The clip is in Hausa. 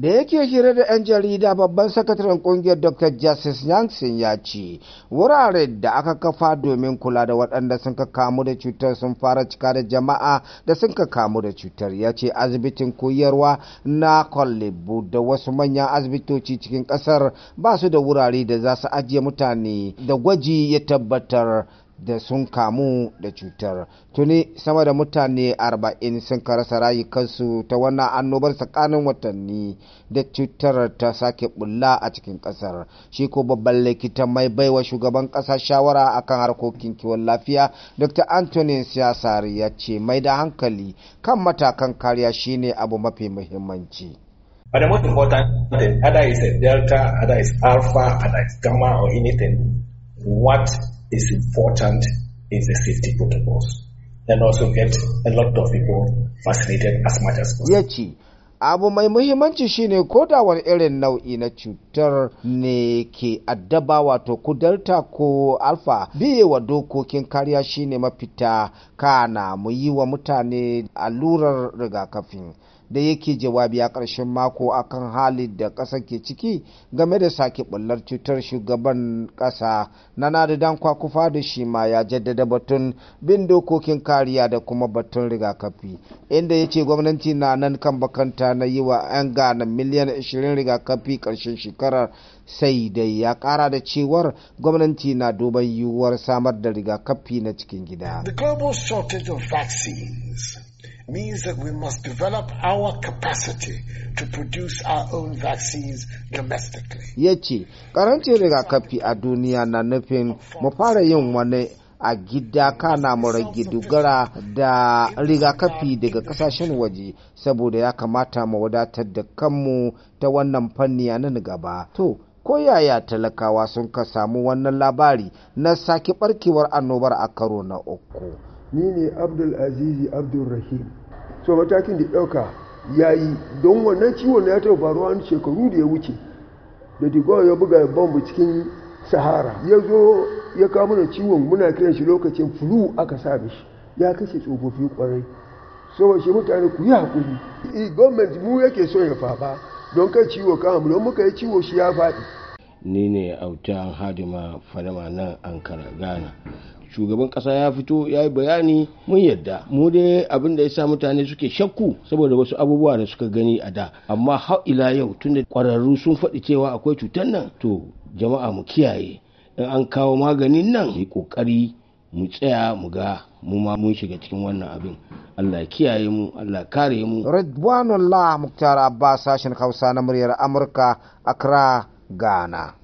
da yake hira da 'yan jarida babban sakataren kungiyar dr justice yansin ya ce wurare da aka kafa domin kula da waɗanda sun ka kamu da cutar sun fara cika da jama'a da sun ka kamu da cutar ya ce asibitin koyarwa na kwallibu da wasu manyan asibitoci cikin ƙasar ba su da wurare da za su ajiye mutane da gwaji ya tabbatar da sun kamu da cutar tuni sama da mutane 40 sun karasa rayukansu ta wannan annobar tsakanin watanni da cutar ta sake bulla a cikin kasar shi ko babban likita mai baiwa shugaban kasa shawara akan harkokin kiwon lafiya dr anthony siyasari ya ce mai da hankali kan matakan kariya shine abu mafi muhimmanci But the most important thing, is a delta, either is alpha, either is gamma or anything, what is important in the safety protocols and also get a lot of people vaccinated as much as possible. Yeah, abu mai muhimmanci shine ko da wani irin nau'i na cutar ne ke addaba wato ku delta ko alfa biye wa dokokin kariya shine mafita kana mu yi wa mutane allurar rigakafin. da yake jawabi a ƙarshen mako akan halin da ƙasar ke ciki game da sake ɓullar cutar shugaban ƙasa na nadadan kwakufa da shi ma ya jaddada batun bin dokokin kariya da kuma batun rigakafi inda ya ce gwamnati na nan kan bakanta na yi wa 'yan gana miliyan 20 rigakafi ƙarshen shekarar sai dai ya ƙara da cewar gwamnati na duban yiwuwar samar da rigakafi na cikin gida. The global shortage of vaccines means that we must develop our capacity to produce our own vaccines domestically. Ya ce, ƙarancin rigakafi a duniya na nufin mu fara yin wani a gida kana mu rage dogara da rigakafi daga kasashen waje saboda ya kamata mu wadatar da kanmu ta wannan fanni a nan gaba. To, ko yaya talakawa sun ka samu wannan labari na sake barkewar annobar a karo na uku. Ni ne Abdul Azizi Abdul Rahim. to matakin da ɗauka ya yi don wannan ciwon ya taɓa faruwa wani shekaru da ya wuce da digon ya buga bambu cikin sahara ya zo ya kama da ciwon muna kiran shi lokacin flu aka sa shi ya kashe tsofaffi kwarai saboda shi mutane ku yi hakuri eh, gwamnati mu yake so ya faɓa don kai ciwo kama don muka yi ciwo shi ya faɗi ni ne autan hadima fadama nan ankara ghana shugaban kasa ya fito ya yi bayani mun yadda mu dai abin da ya sa mutane suke shakku saboda wasu abubuwa da suka gani a da amma har ila yau tunda kwararru sun faɗi cewa akwai cutar nan to jama'a mu kiyaye in an kawo maganin nan yi kokari mu tsaya mu ga mu ma mun shiga cikin wannan abin Allah kiyaye mu Allah kare mu Ridwanullah Muktar Abbas sashen Hausa na muryar Amurka Accra Ghana